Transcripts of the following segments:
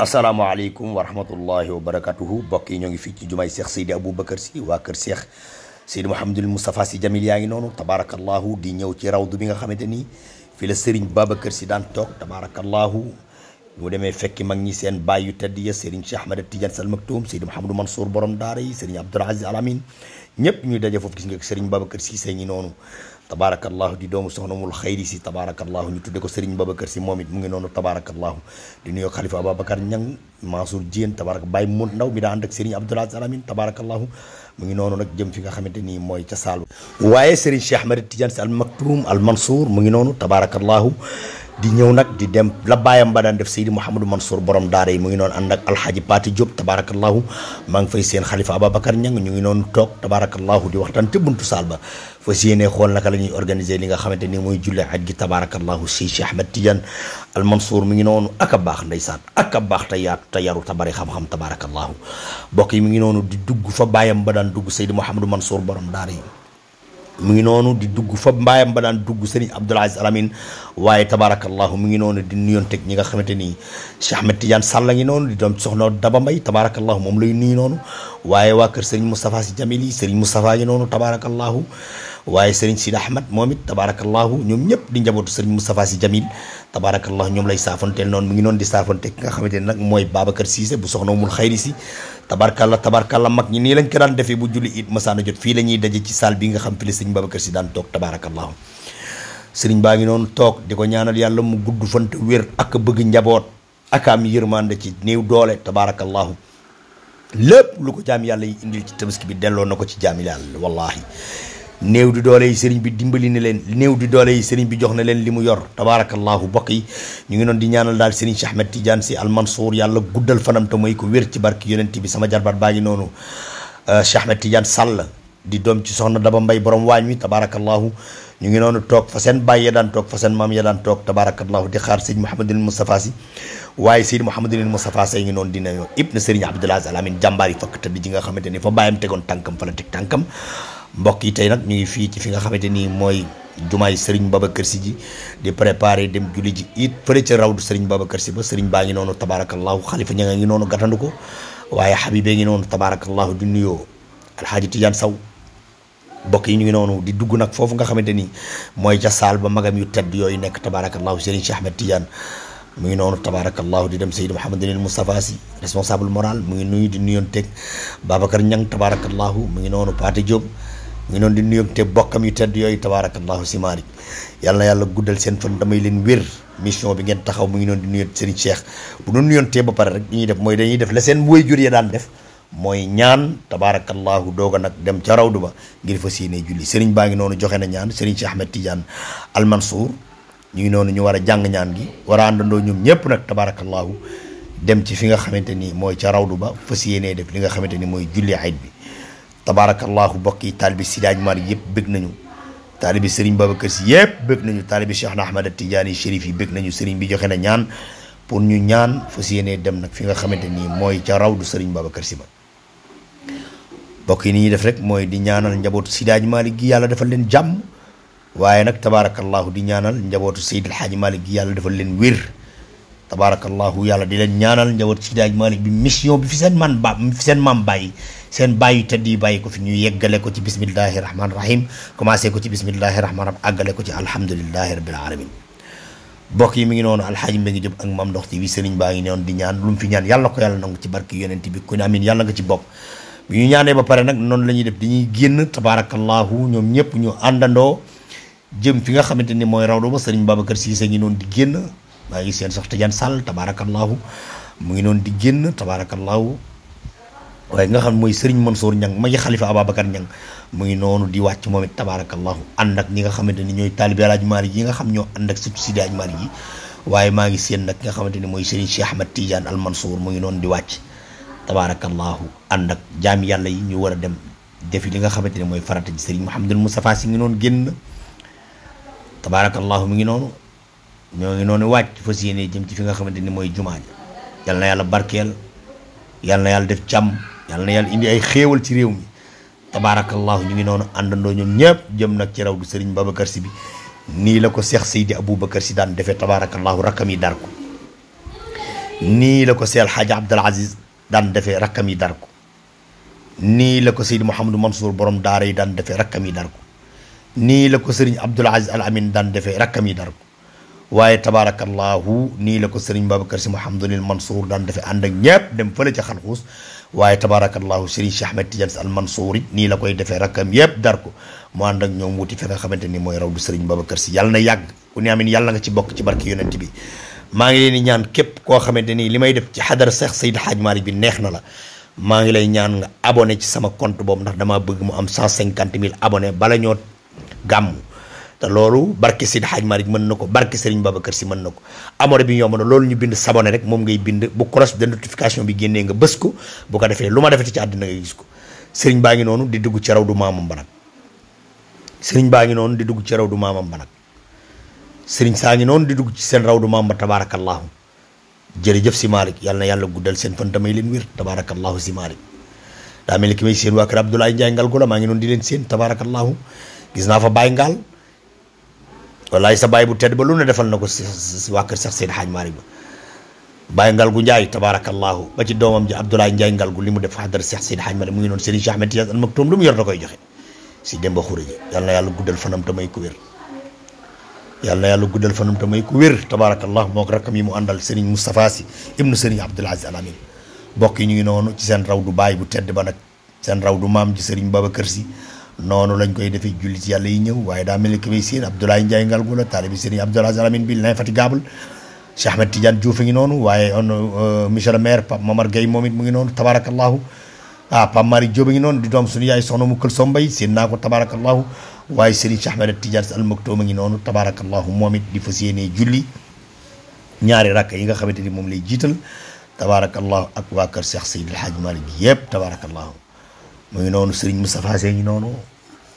asalaamaaleykum wa rahmatullahi wa barakatuhu mbokk yi ñoo ngi fii ci jumaay Cheikh Seydi Aboubacar Sy waa kër Cheikh Seydi Mouhamadul Moustapha Sy Jamil yaa ngi noonu tabarakallahu di ñëw ci rawdu bi nga xamante ni fi la Serigne Babacar Sy daan toog tabarakallahu bu demee fekki mag ñi seen baay yu tedd ya Serigne Cheikh Ahmed Tidiane Sall Maktoum Seydi Mouhamadou Mansour borom daara yi Serigne Abdoul Aziz Al Amine ñëpp ñuy daje foofu gis nga Serigne Babacar Sy seen ñi noonu tabaarakallaahu di doomu soxna mul xayri si tabaarakallaahu ñu tudde ko ba Babacar si moom it mu ngi noonu tabaarakallaahu di nuyu xalifa Ababacar Ñang Mansour Diène tabaarak bay Mout Ndaw mi daa ànd ak Serigne Abdoul Aziz Al Amine tabaarakallaahu mu ngi noonu nag jëm fi nga xamante nii mooy ca Saalum waaye Serigne Cheikh Ahmed Tidiane si Al Maktoum Al Mansour mu ngi noonu tabaarakallaahu di ñëw nag di dem la baayam ba daan def Seydi Mouhamadou Mansour borom daara yi mu ngi noonu ànd ak alxaaji Paati Diop tabarakallahu maa ngi fay seen xalifa Ababacar Niang ñu ngi noonu toog tabarakallahu di waxtaan te buntu saal ba fa si yéene xool naka la ñuy organiser li nga xamante ni mooy julli aj gi tabarakallahu si Cheikh Ahmed Tidiane al Mansour mu ngi noonu ak a baax ndeysaan ak a baax te yaatu te yaru te bari xam-xam tabarakallahu mbokk yi mu ngi noonu di dugg fa bàyyam ba daan dugg Seydi Mouhamadou Mansour borom daara yi mu ngi noonu di dugg fa mbaayam ba daan dugg Serigne Abdoul Aziz Alamine waaye tabaarakallahu mu ngi noonu di nuyonteeg ñi nga xamante ni Cheikh Ahmed Tidiane Sall ngi noonu di doom soxna Daba Mbaye tabaarakallahu moom lay nuyu noonu waaye waa kër Serigne Moustapha Sy Jamil yi Serigne Moustapha ngi noonu tabaarakallahu waaye sëriñ Sidi Ahmad moom it tabaarakallaahu ñoom ñëpp di njabootu sëriñ Moustapha Sy Jamil tabaarakallaahu ñoom lay saafanteel noonu mu ngi noonu di saafante ki nga xamante ne nag mooy Babacar Cissé bu soxna mul xayri si tabarkalla tabarkalla mag ñi nii lañ ko daan defee bu julli it masaana jot fii la daje ci salle bi nga xam fi la sëriñ Babacar Sy daan toog tabaarakallaahu sëriñ baa ngi noonu toog di ko ñaanal yàlla mu gudd fante wér ak bëgg njaboot ak am yërmande ci néew doole tabaarakallaahu lépp lu ko jaam yàlla yi ci tabaski bi delloo na ko ci jaam yàlla wallaahi néew di doole yi sëriñ bi dimbali na leen néew di doole yi sëriñ bi jox na leen li mu yor tabaarakallaahu bokk yi ñu ngi noon di ñaanal daal sëriñ Cheikh Ahmed Tidiane Sy Al Mansour yàlla guddal fanam te mooy ko wér ci barke yonent bi sama jarbaat baa ngi noonu euh, Cheikh Ahmed Tidiane Sall di doom ci soxna Daba Mbay borom waañ wi tabaarakallaahu ñu ngi noonu toog fa seen baay ya daan toog fa seen maam ya daan toog tabaarakallaahu di xaar sëñ Mouhamadul Moustapha Sy waaye sëñ Mouhamadul Moustapha Sy ngi noonu dina yoon ibn sëriñ Abdoul Aziz Al Amine jàmbaar yi fakk tëdd ji nga xamante ni fa bàyyam tegoon tànkam fa la teg tànkam mbokk yi tey nag ñu ngi fii ci fi nga xamante ni mooy jumaay Serigne Babacar Sy ji di préparer dem julli ji it fële raw rawdu Serigne Babacar Sy ba Serigne baa ngi noonu tabaarakallahu xalifa ña ngi noonu gàttandu ko waaye xabibee ngi noonu tabaarakallahu di nuyoo alxaaji Tidiane Saw mbokk yi ñu ngi noonu di dugg nag foofu nga xamante ni mooy ca saal ba magam yu tedd yooyu nekk tabaarakallahu Serigne Cheikh Ahmed Tidiane mu ngi noonu tabaarakallahu di dem Seydou Mouhamadul Moustapha Sy responsable moral mu ngi nuyu di nuyonteeg Babacar Niang tabaarakallahu mu ngi noonu Pathé Diop mu ngi noonu di nuyonteeg bokkam yu tedd yooyu tabaarakallahu si Malick yàlla na yàlla guddal seen fan damay leen wér mission bi ngeen taxaw mu ngi noonu di nuyoon Serigne Cheikh bu doon nuyontee ba pare rek li ñuy def mooy dañuy def la seen woy jur ya daan def mooy ñaan tabaarakallahu doog a nag dem ca rawdu ba ngir fas yéene julli Serigne baa ngi noonu joxe na ñaan Serigne Cheikh Ahmed Tidiane Al Mansour ñu ngi noonu ñu war a jàng ñaan gi war a àndandoo ñoom ñëpp nag tabaarakallaahu dem ci fi nga xamante ni mooy ca rawdu ba fas yéenee def li nga xamante ni mooy julli ayit bi tabaarakallaahu bokk yi taalibi Sidaaj Mar yëpp bëgg nañu taalibi Serigne Babacar Sy yëpp bëgg nañu taalibi Cheikh na Ahmad Tidiane Chérif yi bëgg nañu Serigne bi joxe na ñaan pour ñu ñaan fas yéenee dem nag fi nga xamante ni mooy ca rawdu Serigne Babacar Sy ba bokk yi ni ñuy def rek mooy di ñaanal njabootu Sidaaj Malick gi yàlla defal leen jàmm waaye nag tabaarakallahu di ñaanal njabootu Seydil Hadji Malick gi yàlla defal leen wér tabaarakallahu yàlla di leen ñaanal njabootu Seydil Hadji Malick bi mission bi fi seen man ba fi seen maam bàyyi seen bàyyi tëdd yi bàyyi ko fi ñu yeggale ko ci bismillahi rahmaani rahim commencé ko ci bismillahi rahmaani rahim àggale ko ci alhamdulillahi rabbil alamin bokk yi mi ngi noonu alxaaji mi ngi jëm ak Mame Ndokh TV sëriñ baa ngi noonu di ñaan lu fi ñaan yàlla ko yàlla nangu ci barke yonent bi ku ne amin yàlla nga ci bopp bi ba pare nag noonu la ñuy def dañuy génn tabaarakallahu ñoom ñëpp ñu àndandoo jëm fi nga xamante ni mooy raw doo ba sëriñ Babacar Cissé ngi noonu di génn maa ngi seen sax Tidiane Sall tabaarakallaahu mu ngi noonu di génn tabaarakallaahu waaye nga xam mooy sëriñ Mansour Niang ma ngi xalifa Ababacar Niang mu ngi noonu di wàcc moom it tabaarakallaahu ànd ak ñi nga xamante ni ñooy taalibe Alaaji Maalik yi nga xam ñoo ànd ak surtout Sidi Alaaji Maalik yi maa ngi seen nag nga xamante ni mooy sëriñ Cheikh Ahmed Tidiane Al Mansour mu ngi noonu di wàcc tabaarakallaahu ànd ak jaami yàlla yi ñu war a dem defi li nga xamante ne mooy farata ji sëriñ Mouhamadul Moustapha si ngi noonu génn tabaarakallahu mu ngi noonu ñoo ngi noonu wàcc fas yéene jëm ci fi nga xamante ni mooy jumaa ja yal na yàlla barkeel yal na yàlla def càmm yal na yàlla indi ay xéewal ci réew mi tabaarakallahu ñu ngi noonu àndandoo ñoom ñëpp jëm nag ci raw du sëriñ Babacar si bi nii la ko Cheikh Seydi Aboubacar si daan defee tabaarakallahu rakkam yi dar ko nii la ko Seydi Alxaaji Abdul Aziz daan defee yi dar ko nii la ko Seydi Mouhamadou Mansour borom daara yi daan defee rakkam yi dar ko nii la ko sëriñ Abdul Aziz Al Amin daan defee rakkam yi dar ko waaye tabaarakallaahu nii la ko sëriñ Babacar si Mouhamadulil Mansour daan defee ànd ak ñëpp dem fële ca xalxuus waaye tabaarakallaahu sëriñ Cheikh Ahmed Tidiane si Al Mansour it nii la koy defee rakkam yëpp dar ko mu ànd ak ñoom wuti fi nga xamante ni mooy raw du sëriñ kër si yàlla na yàgg ku ne amin yàlla nga ci bokk ci barke yonent bi maa ngi leen ñaan képp koo xamante ni li may def ci xadara Seex Seydi Haaj Maalik bi neex na la maa ngi lay ñaan nga abonné ci sama compte boobu ndax damaa mu am 150 000 abonné bala ñoo gàmm te loolu barke Sidi Hadj Malick mën na ko barke Serigne Babacar si mën na ko amore bi yomb na loolu ñu bind sabone rek moom ngay bind bu cloche de notification bi génnee nga bës ko bu ko defee lu ma defete ci àddina nga gis ko Serigne baa ngi noonu di dugg ci raw du maamam ba nag Serigne baa ngi noonu di dugg ci raw du maamam ba nag sëriñ saa ngi noonu di dugg ci seen raw du maam ba tabaarakallaahu jërëjëf si Malick yàlla na yàlla guddal seen fan damay leen wér tabaarakallaahu si Malick daa mel ni ki may seen waa kër Abdoulaye Ndiaye ngal gu la maa ngi gis naa fa Baye ngaal wallaay sa baay bu tedd ba lu ne defal na ko si waa kër sax seen xaaj Maalik ba Baye Ngal gu Njaay tabaarakallaahu ba ci doomam ji Abdoulaye Njaay Ngal gu li mu def xadar Seex Seydi Xaaj Maalik mu ngi noonu Serigne Cheikh Ahmed Tidiane Al Maktoum lu mu koy joxe si Demba Xure yàlla guddal fanam te may ku wér yal na yàlla guddal fanam te may ku wér tabaarakallaahu moo ko rakkam yi mu àndal Serigne Moustapha Sy ibnu Serigne Abdoul Aziz Al Amin mbokk yi ñu ngi noonu ci seen raw du baay bu tedd ba nag seen raw du maam ji Serigne kër si noonu lañ koy defee jullit yàlla yi ñëw waaye daa mel ni ki may siin Abdoulaye Ndiaye Ngalgou la taalibi Serigne Abdoulaye Salamine bi l'infatigable Cheikh Ahmed Tidiane Diouf a ngi noonu waaye on euh, monsieur le maire Pape Momar Gueye moom it mu ngi noonu tabarakallahu ah Pape Mari Diop a ngi noonu di doom suñu yaay soxna mu kël sombay seen naa ko tabarakallahu waaye Serigne Cheikh Ahmed Tidiane Al Maktoum a ngi noonu tabarakallahu moom it di fas yéenee julli ñaari rakk yi nga xamante ni moom lay jiital tabarakallahu ak waa kër Cheikh Seydil Hadj Malick yëpp tabarakallahu mu ngi noonu Serigne Moustapha Sy ngi noonu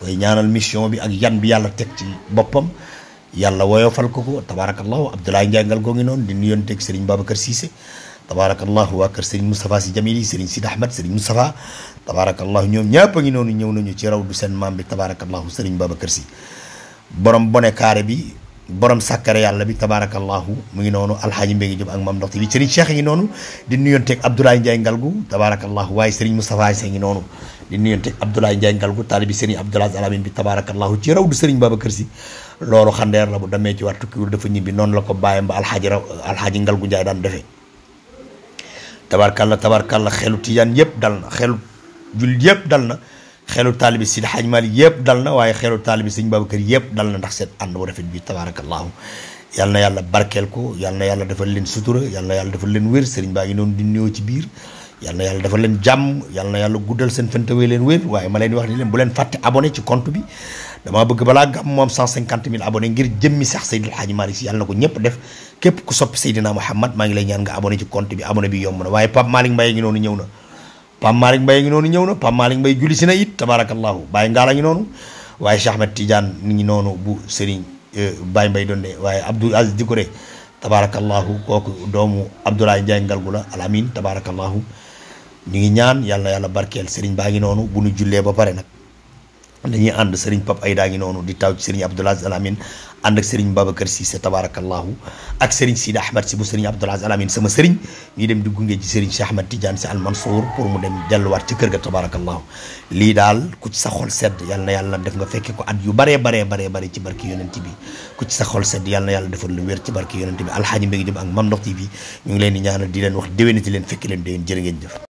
koy ñaanal mission bi ak yan bi yàlla teg ci boppam yàlla woyofal ko ko tabaarakallahu Abdoulaye Ndiangal goo ngi noonu di nuyonteeg Serigne Babacar Cissé tabaarakallahu waa kër Serigne Moustapha Sy Jamili Serigne Sid Ahmed Serigne Moustapha tabaarakallahu ñoom ñëpp a ngi noonu ñëw nañu ci raw du seen maam bi tabaarakallahu Serigne Babacar Sy borom bone carré bi borom sàkkare yàlla bi tabaarakallahu mu ngi noonu alxaaji mbé ngi jëm ak mam ndoxte bi Serigne Cheikh ngi noonu di nuyonteeg Abdoulaye Ndiaye Ngalgu tabaarakallahu waaye Serigne Moustapha Sy ngi noonu di nuyonte Abdoulaye Ndiaye Ngalgu taalibi Serigne Abdoul Aziz Al Amine bi tabarakallahu ci raw du Serigne Babacar Sy loolu xandeer la bu demee ci war tukkiwul dafa ñibbi noonu la ko bàyyam ba alxaaji raw alxaaji Ngalgu Ndiaye daan defee tabarkalla tabarkalla xelu tijaan yëpp dal na xelu jul yëpp dal na xelu taalibi Sidi Hadj Mali yëpp dal na waaye xelu taalibi Serigne Babacar yëpp dal na ndax seen ànd bu rafet bi tabarakallahu yal na yàlla barkeel ko yal na yàlla defal leen sutura yal na yàlla defal leen wér Serigne baa ngi noonu di nuyoo ci biir yal na yàlla dafa leen jàmm yal na yàlla guddal seen fantawee leen wér waaye ma leen wax ni leen bu leen fàtte abonné ci compte bi damaa bëgg balaa gàmm moom 150 000 ngir jëmmi sax Seydil Hadji na ko ñëpp def maa ngi lay ñaan nga abonné ci compte bi abonné bi yomb na waaye Pape Malick Mbaye ngi noonu ñëw na Pape Malick Mbaye ngi noonu ñëw na Pape Malick Mbaye julli si na it tabarakallahu Baye Ngala ngi noonu waaye Cheikh Ahmed Tidiane mi ngi noonu bu Serigne euh, Baye Mbaye Donde waaye Abdoul Aziz Dikore tabarakallahu kooku doomu Abdoulaye Ndiaye ñu ngi ñaan yàlla yàlla barkeel sëriñ baa ngi noonu bu ñu jullee ba pare nag dañuy ànd sëriñ Pape Ayda ngi noonu di taw ci sëriñ Abdoul Aziz Al Amine ànd ak sëriñ Babacar Cissé tabarakallahu ak sëriñ Sidi Ahmed si bu sëriñ Abdoul Aziz Al Amine sama sëriñ ñuy dem di gunge ci sëriñ Cheikh Ahmed Tidiane si Al Mansour pour mu dem delluwaat ci kër ga tabarakallahu lii daal ku ci sa xol sedd yal na yàlla def nga fekke ko at yu baree baree baree baree ci barki yonent bi ku leen di ñaanal di leen wax déwénati leen fekki leen déwén jërë